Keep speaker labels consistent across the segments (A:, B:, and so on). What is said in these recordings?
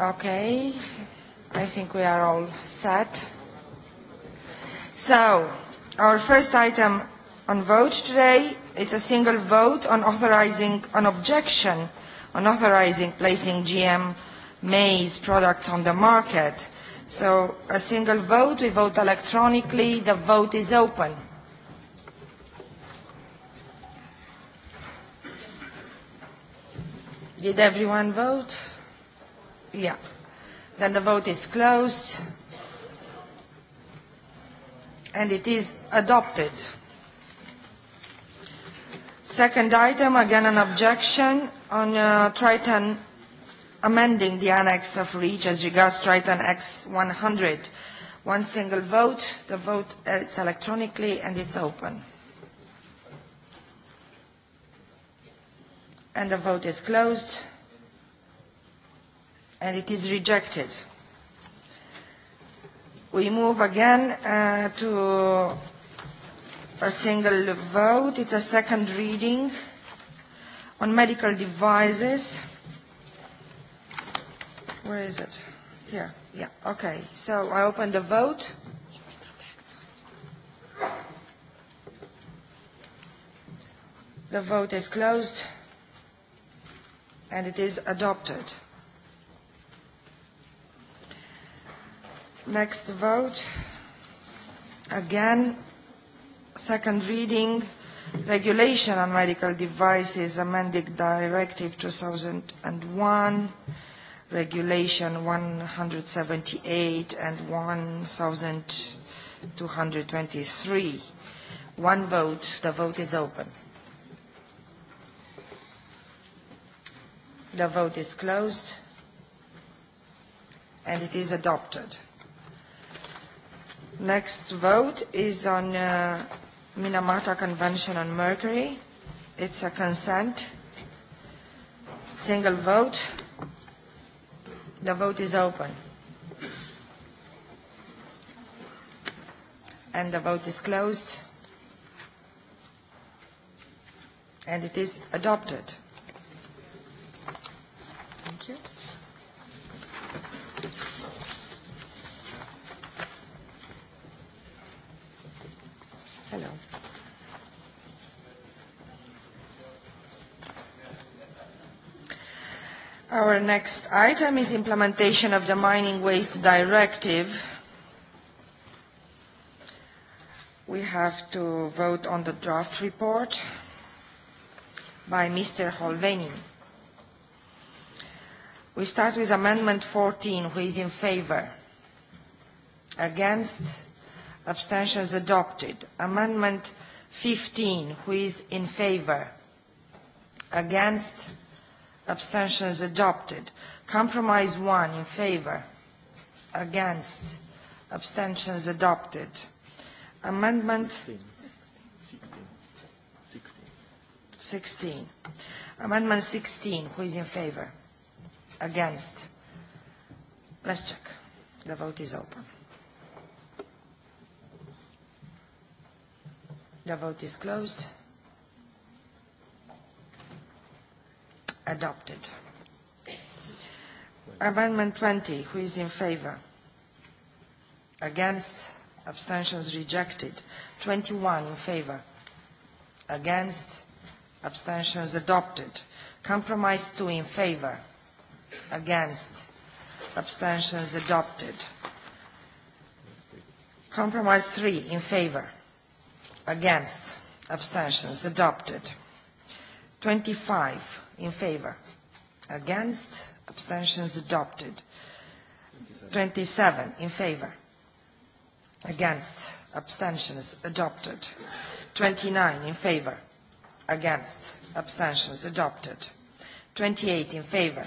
A: Okay, I think we are all set. So, our first item on vote today, it's a single vote on authorizing, an objection on authorizing placing GM maize products on the market. So, a single vote, we vote electronically, the vote is open. Did everyone vote? Yeah. Then the vote is closed. And it is adopted. Second item, again an objection on uh, Triton amending the annex of REACH as regards Triton X100. One single vote. The vote uh, is electronically and it's open. And the vote is closed and it is rejected. We move again uh, to a single vote. It's a second reading on medical devices. Where is it? Here. Yeah. Okay. So I open the vote. The vote is closed, and it is adopted. Next vote. Again, second reading, regulation on medical devices, amending Directive 2001, Regulation 178 and 1223. One vote. The vote is open. The vote is closed, and it is adopted. Next vote is on uh, Minamata Convention on Mercury. It's a consent. Single vote. The vote is open. And the vote is closed. And it is adopted. Our next item is implementation of the Mining Waste Directive. We have to vote on the draft report by Mr. Holvenin. We start with Amendment 14. Who is in favor? Against? Abstentions adopted. Amendment 15. Who is in favor? Against? abstentions adopted. Compromise 1 in favor, against, abstentions adopted. Amendment 16. 16. 16. Amendment 16, who is in favor? Against? Let's check. The vote is open. The vote is closed. adopted. Amendment 20, who is in favor? Against? Abstentions rejected. 21 in favor. Against? Abstentions adopted. Compromise 2 in favor. Against? Abstentions adopted. Compromise 3 in favor. Against? Abstentions adopted. 25 in favor against abstentions adopted 27 in favor against abstentions adopted 29 in favor against abstentions adopted 28 in favor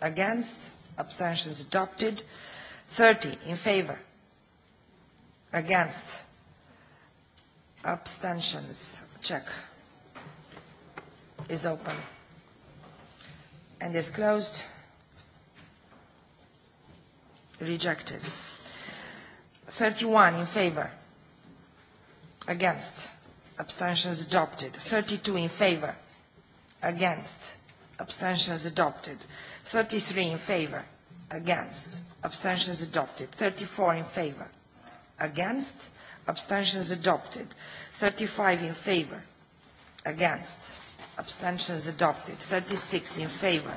A: against abstentions adopted 30 in favor against abstentions check is open and is closed. Rejected. 31 in favor. Against. Abstentions adopted. 32 in favor. Against. Abstentions adopted. 33 in favor. Against. Abstentions adopted. 34 in favor. Against. Abstentions adopted. 35 in favor. Against abstentions adopted. 36 in favor,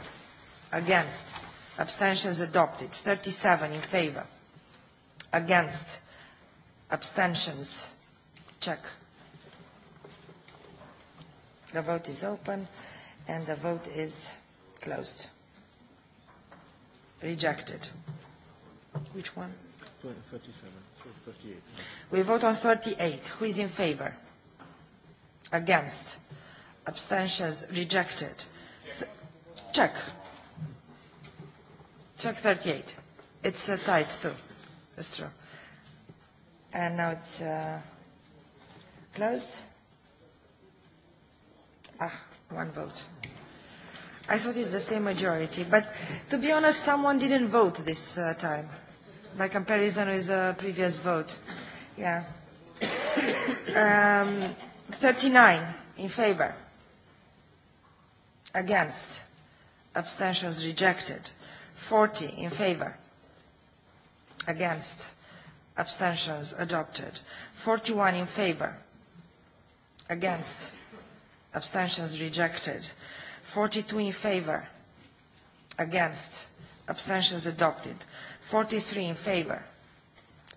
A: against, abstentions adopted. 37 in favor, against, abstentions, check. The vote is open and the vote is closed. Rejected. Which one?
B: 37. 38.
A: We vote on 38. Who is in favor? Against? abstentions rejected. Check. Check 38. It's uh, tight too. That's true. And now it's uh, closed. Ah, one vote. I thought it's the same majority, but to be honest, someone didn't vote this uh, time, by comparison with the previous vote. Yeah. Um, 39 in favor against, abstentions rejected. 40 in favor, against, abstentions adopted. 41 in favor, against, abstentions rejected. 42 in favor, against, abstentions adopted. 43 in favor,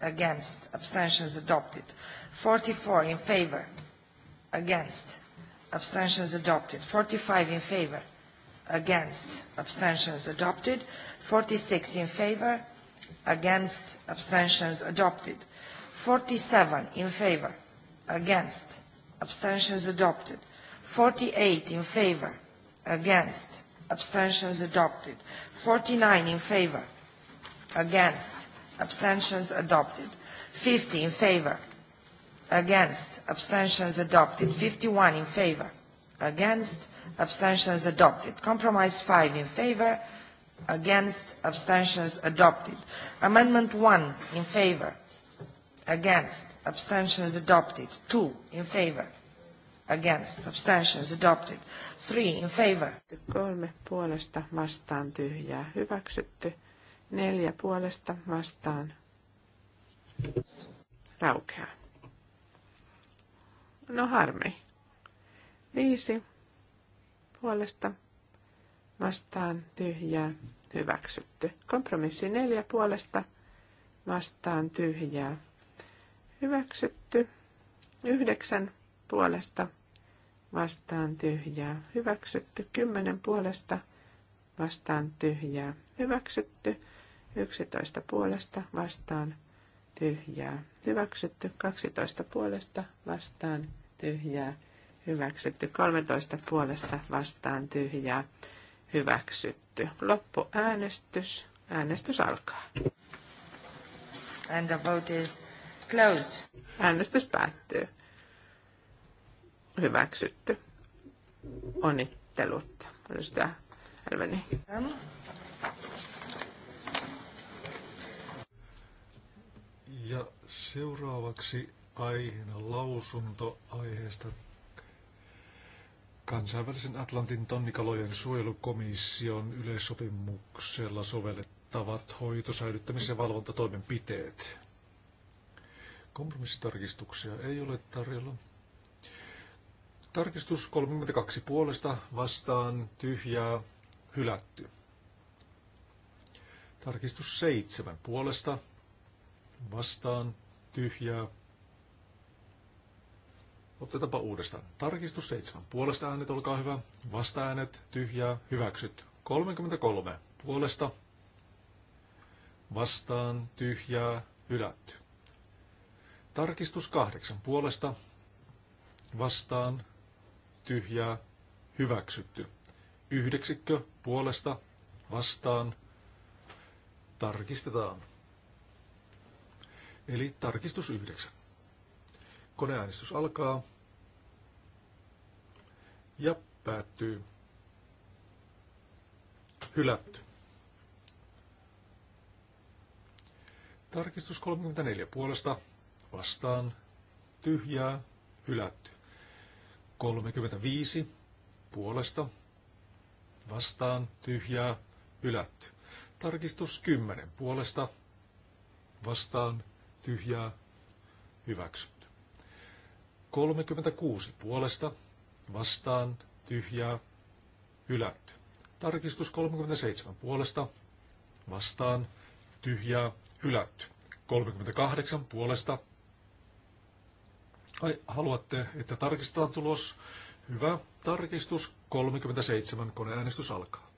A: against, abstentions adopted. 44 in favor, against, abstentions adopted. 45 in favor, against, abstentions adopted. 46 in favor, against, abstentions adopted. 47 in favor, against, abstentions adopted. 48 in favor, against, abstentions adopted. 49 in favor, against, abstentions adopted. 50 in favor, against, abstentions adopted. 51 in favor, against, abstentions adopted. Compromise 5 in favor, against, abstentions adopted. Amendment 1 in favor, against, abstentions adopted. 2 in favor, against, abstentions adopted. 3 in favor. 3 puolesta vastaan tyhjää hyväksytty.
C: 4 puolesta vastaan raukeaa. No harmi. Viisi puolesta vastaan tyhjää hyväksytty. Kompromissi neljä puolesta vastaan tyhjää hyväksytty. Yhdeksän puolesta vastaan tyhjää hyväksytty. Kymmenen puolesta vastaan tyhjää hyväksytty. Yksitoista puolesta vastaan tyhjää, hyväksytty. 12 puolesta vastaan tyhjää, hyväksytty. 13 puolesta vastaan tyhjää, hyväksytty. loppu Äänestys alkaa. And the vote is closed. Äänestys päättyy. Hyväksytty. Onnittelut. Edustaja Elveni. Um,
B: Ja seuraavaksi aiheena lausunto aiheesta kansainvälisen Atlantin tonnikalojen suojelukomission yleissopimuksella sovellettavat hoitosäilyttämis- ja valvontatoimenpiteet. Kompromissitarkistuksia ei ole tarjolla. Tarkistus 32 puolesta vastaan tyhjää hylätty. Tarkistus 7 puolesta vastaan tyhjää. Otetaanpa uudestaan. Tarkistus 7. Puolesta äänet, olkaa hyvä. Vasta äänet, tyhjää, hyväksyt. 33. Puolesta vastaan tyhjää, hylätty. Tarkistus 8. Puolesta vastaan tyhjää, hyväksytty. Yhdeksikkö puolesta vastaan tarkistetaan. Eli tarkistus 9. Koneäänestys alkaa ja päättyy. Hylätty. Tarkistus 34 puolesta vastaan tyhjää hylätty. 35 puolesta vastaan tyhjää hylätty. Tarkistus 10 puolesta vastaan tyhjää hyväksyt. 36 puolesta vastaan tyhjää hylätty. Tarkistus 37 puolesta vastaan tyhjää hylätty. 38 puolesta. Ai, haluatte, että tarkistetaan tulos? Hyvä. Tarkistus 37. Koneäänestys alkaa.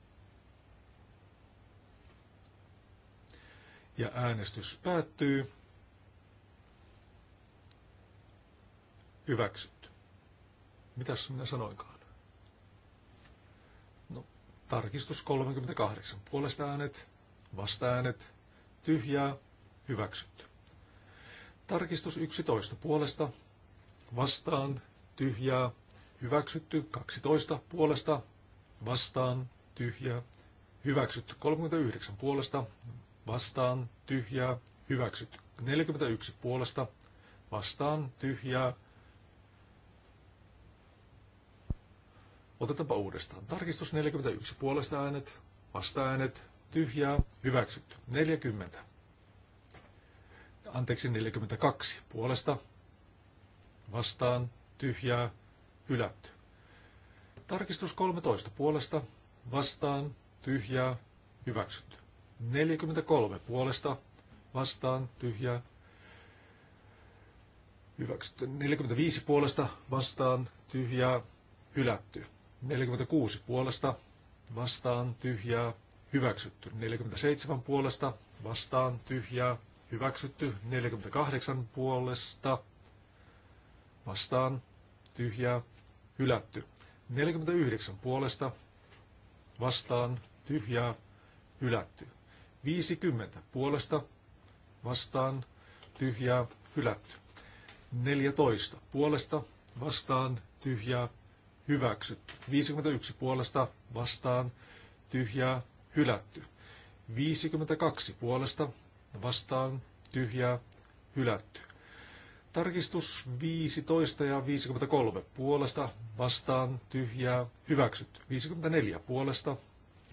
B: Ja äänestys päättyy. hyväksytty. Mitäs minä sanoinkaan? No, tarkistus 38. Puolesta äänet, vasta äänet, tyhjää, hyväksytty. Tarkistus 11. Puolesta, vastaan, tyhjää, hyväksytty. 12. Puolesta, vastaan, tyhjää, hyväksytty. 39. Puolesta, vastaan, tyhjää, hyväksytty. 41. Puolesta, vastaan, tyhjää, Otetaanpa uudestaan. Tarkistus 41. Puolesta äänet, vasta äänet, tyhjää, hyväksytty. 40. Anteeksi, 42. Puolesta, vastaan, tyhjää, hylätty. Tarkistus 13. Puolesta, vastaan, tyhjää, hyväksytty. 43. Puolesta, vastaan, tyhjää, hyväksytty. 45. Puolesta, vastaan, tyhjää, hylätty. 46 puolesta vastaan tyhjää hyväksytty. 47 puolesta vastaan tyhjää hyväksytty. 48 puolesta vastaan tyhjää hylätty. 49 puolesta vastaan tyhjää hylätty. 50 puolesta vastaan tyhjää hylätty. 14 puolesta vastaan tyhjää hyväksytty. 51 puolesta vastaan tyhjää hylätty. 52 puolesta vastaan tyhjää hylätty. Tarkistus 15 ja 53 puolesta vastaan tyhjää hyväksytty. 54 puolesta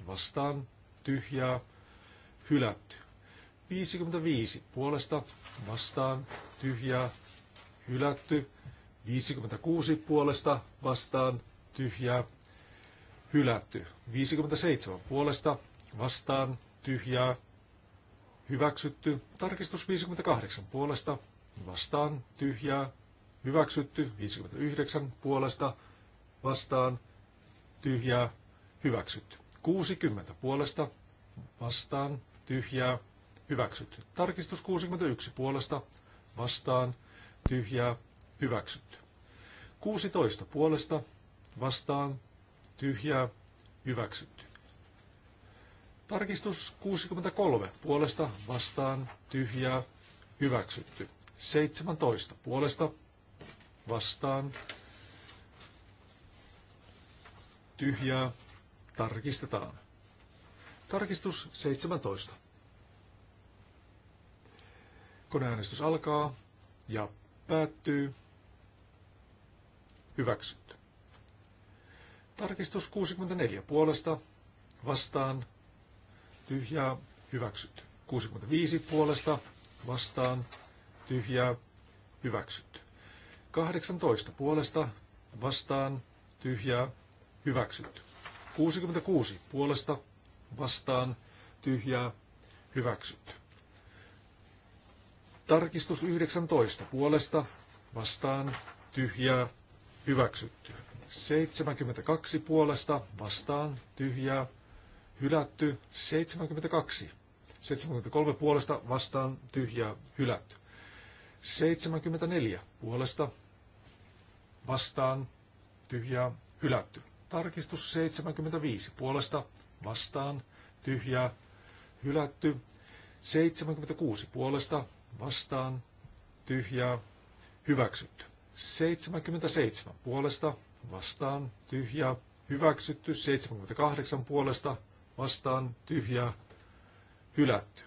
B: vastaan tyhjää hylätty. 55 puolesta vastaan tyhjää hylätty. 56 puolesta vastaan tyhjää hylätty. 57 puolesta vastaan tyhjää hyväksytty. Tarkistus 58 puolesta vastaan tyhjää hyväksytty. 59 puolesta vastaan tyhjää hyväksytty. 60 puolesta vastaan tyhjää hyväksytty. Tarkistus 61 puolesta vastaan tyhjää hyväksytty. 16 puolesta vastaan tyhjää hyväksytty. Tarkistus 63 puolesta vastaan tyhjää hyväksytty. 17 puolesta vastaan tyhjää tarkistetaan. Tarkistus 17. Koneäänestys alkaa ja päättyy hyväksytty. Tarkistus 64 puolesta vastaan tyhjää hyväksytty. 65 puolesta vastaan tyhjää hyväksytty. 18 puolesta vastaan tyhjää hyväksytty. 66 puolesta vastaan tyhjää hyväksytty. Tarkistus 19 puolesta vastaan tyhjää hyväksytty. 72 puolesta vastaan tyhjää hylätty 72. 73 puolesta vastaan tyhjää hylätty. 74 puolesta vastaan tyhjää hylätty. Tarkistus 75 puolesta vastaan tyhjää hylätty. 76 puolesta vastaan tyhjää hyväksytty. 77 puolesta vastaan tyhjä hyväksytty, 78 puolesta vastaan tyhjä hylätty.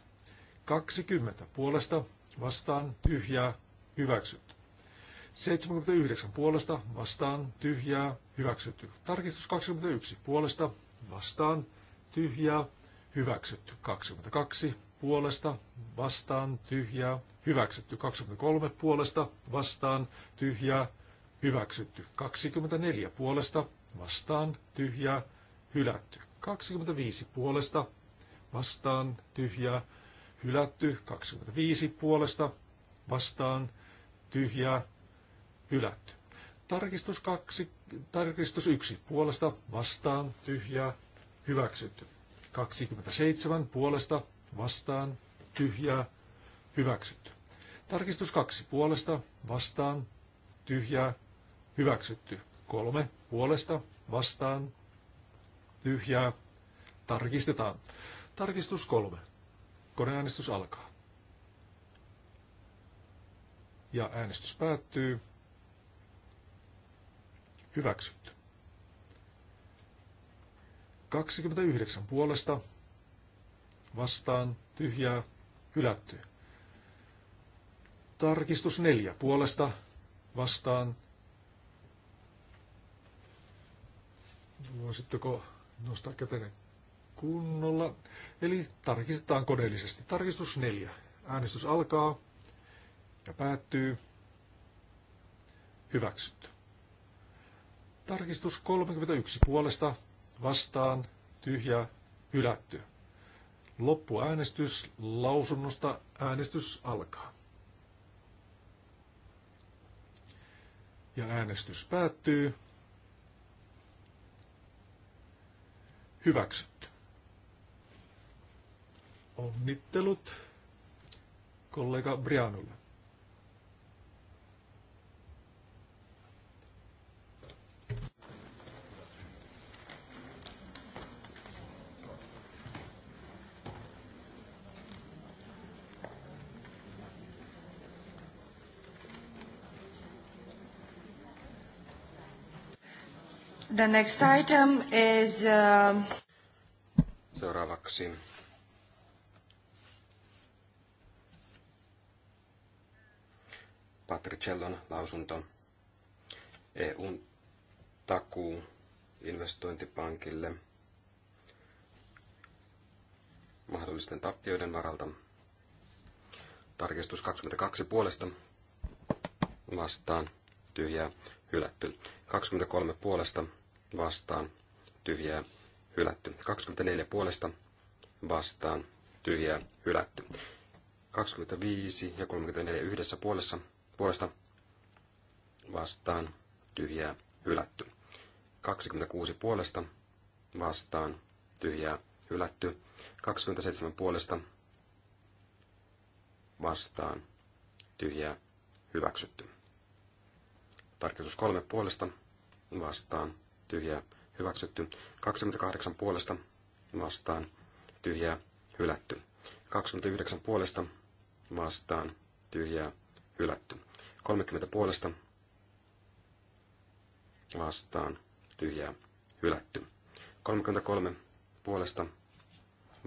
B: 20 puolesta vastaan tyhjä hyväksytty. 79 puolesta vastaan tyhjä hyväksytty. Tarkistus 21 puolesta vastaan tyhjä hyväksytty. 22 puolesta, vastaan, tyhjää, hyväksytty. 23 puolesta, vastaan, tyhjää, hyväksytty. 24 puolesta, vastaan, tyhjää, hylätty. 25 puolesta, vastaan, tyhjää, hylätty. 25 puolesta, vastaan, tyhjää, hylätty. Tarkistus, kaksi, tarkistus yksi puolesta, vastaan, tyhjää, hyväksytty. 27 puolesta, vastaan, tyhjää, hyväksytty. Tarkistus kaksi puolesta, vastaan, tyhjää, hyväksytty. Kolme puolesta, vastaan, tyhjää, tarkistetaan. Tarkistus kolme. Koneäänestys alkaa. Ja äänestys päättyy. Hyväksytty. 29 puolesta, vastaan tyhjää hylätty. Tarkistus neljä puolesta vastaan. Voisitteko nostaa kätenne kunnolla? Eli tarkistetaan koneellisesti. Tarkistus neljä. Äänestys alkaa ja päättyy. Hyväksytty. Tarkistus 31 puolesta vastaan tyhjä hylättyä. Loppuäänestys lausunnosta. Äänestys alkaa. Ja äänestys päättyy. Hyväksytty. Onnittelut kollega Brianulle.
A: The next item is... Uh,
D: Seuraavaksi Patricellon lausunto EUn takuu investointipankille mahdollisten tappioiden varalta. Tarkistus 22 puolesta vastaan tyhjää hylätty. 23 puolesta vastaan, tyhjää, hylätty. 24 puolesta vastaan, tyhjää, hylätty. 25 ja 34 yhdessä puolessa, puolesta vastaan, tyhjää, hylätty. 26 puolesta vastaan, tyhjää, hylätty. 27 puolesta vastaan, tyhjää, hyväksytty. Tarkistus kolme puolesta vastaan, tyhjää, hyväksytty. 28 puolesta vastaan, tyhjää, hylätty. 29 puolesta vastaan, tyhjää, hylätty. 30 puolesta vastaan, tyhjää, hylätty. 33 puolesta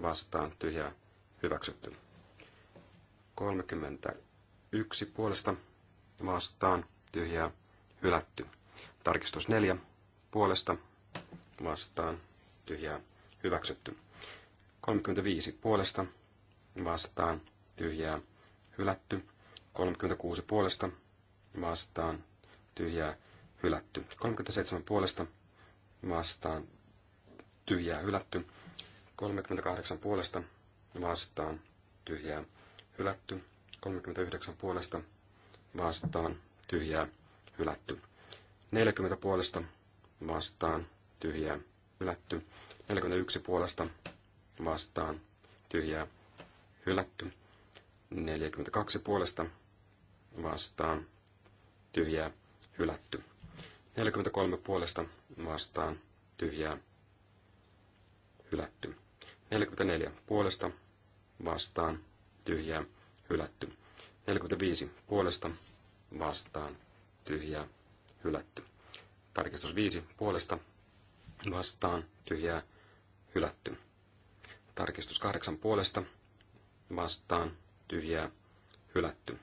D: vastaan, tyhjää, hyväksytty. 31 puolesta vastaan, tyhjää, hylätty. Tarkistus 4 puolesta vastaan tyhjää hyväksytty. 35 puolesta vastaan tyhjää hylätty. 36 puolesta vastaan tyhjää hylätty. 37 puolesta vastaan tyhjää hylätty. 38 puolesta vastaan tyhjää hylätty. 39 puolesta vastaan tyhjää hylätty. 40 puolesta vastaan, tyhjää, hylätty. 41 puolesta vastaan, tyhjää, hylätty. 42 puolesta vastaan, tyhjää, hylätty. 43 puolesta vastaan, tyhjää, hylätty. 44 puolesta vastaan, tyhjää, hylätty. 45 puolesta vastaan, tyhjää, hylätty. Tarkistus 5 puolesta vastaan tyhjää hylätty. Tarkistus 8 puolesta vastaan tyhjää hylätty.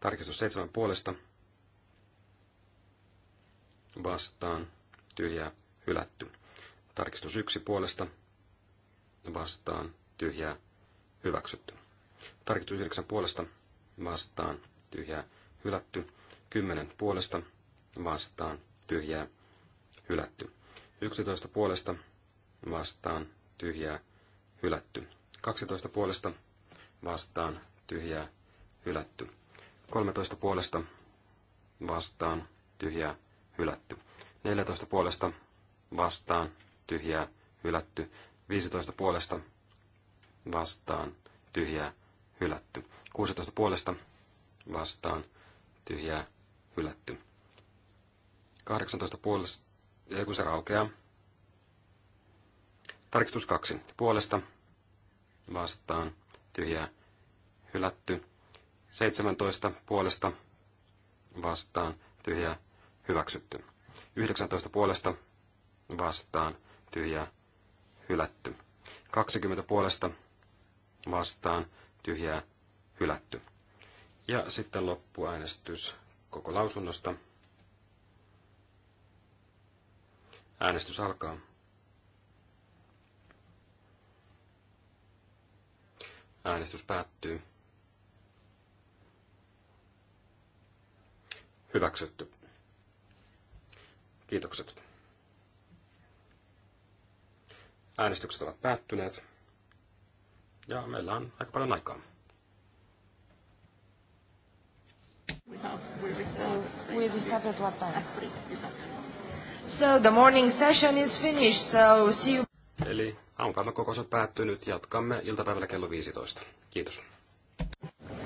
D: Tarkistus 7 puolesta vastaan tyhjää hylätty. Tarkistus 1 puolesta vastaan tyhjää hyväksytty. Tarkistus 9 puolesta vastaan tyhjää hylätty. 10 puolesta vastaan tyhjää, hylätty. 11 puolesta vastaan, tyhjää, hylätty. 12 puolesta vastaan, tyhjää, hylätty. 13 puolesta vastaan, tyhjää, hylätty. 14 puolesta vastaan, tyhjää, hylätty. 15 puolesta vastaan, tyhjää, hylätty. 16 puolesta vastaan, tyhjää, hylätty. 18.5. puolesta, ei kun se raukeaa. Tarkistus 2 puolesta, vastaan, tyhjää, hylätty. 17 puolesta, vastaan, tyhjää, hyväksytty. 19 puolesta, vastaan, tyhjää, hylätty. 20 puolesta, vastaan, tyhjää, hylätty. Ja sitten loppuäänestys koko lausunnosta. Äänestys alkaa. Äänestys päättyy. Hyväksytty. Kiitokset. Äänestykset ovat päättyneet. Ja meillä on aika paljon aikaa.
A: We have, we have start at what time? So the morning session is finished, so see you.
D: Eli aamupäivän kokous on päättynyt. Jatkamme iltapäivällä kello 15. Kiitos.